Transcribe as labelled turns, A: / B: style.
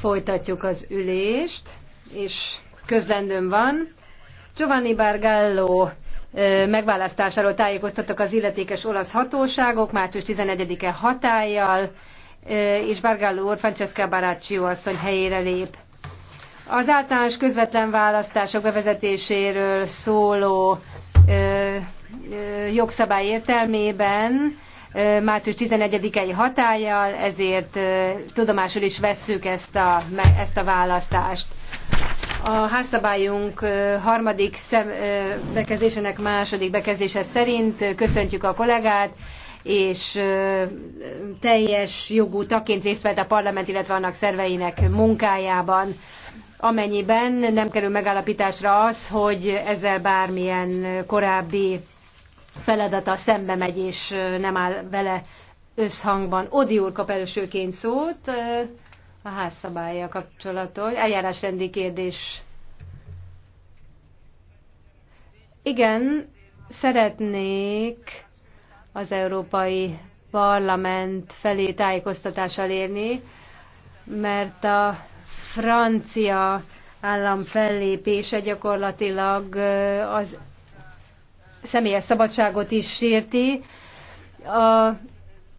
A: Folytatjuk az ülést, és közlendőm van. Giovanni Bargallo megválasztásáról tájékoztattak az illetékes olasz hatóságok március 11-e hatállyal, és Bargallo úr Francesca Baraccio asszony helyére lép. Az általános közvetlen választások bevezetéséről szóló jogszabály értelmében március 11-i hatállyal, ezért tudomásul is vesszük ezt a, ezt a választást. A házszabályunk harmadik bekezdésének második bekezdése szerint köszöntjük a kollégát, és teljes jogú taként részt vett a parlament, illetve annak szerveinek munkájában, amennyiben nem kerül megállapításra az, hogy ezzel bármilyen korábbi feladata szembe megy, és nem áll vele összhangban. Odi úr kap elsőként szót a házszabálya kapcsolatos, eljárásrendi kérdés. Igen, szeretnék az Európai Parlament felé tájékoztatással érni, mert a francia állam fellépése gyakorlatilag az személyes szabadságot is sérti. A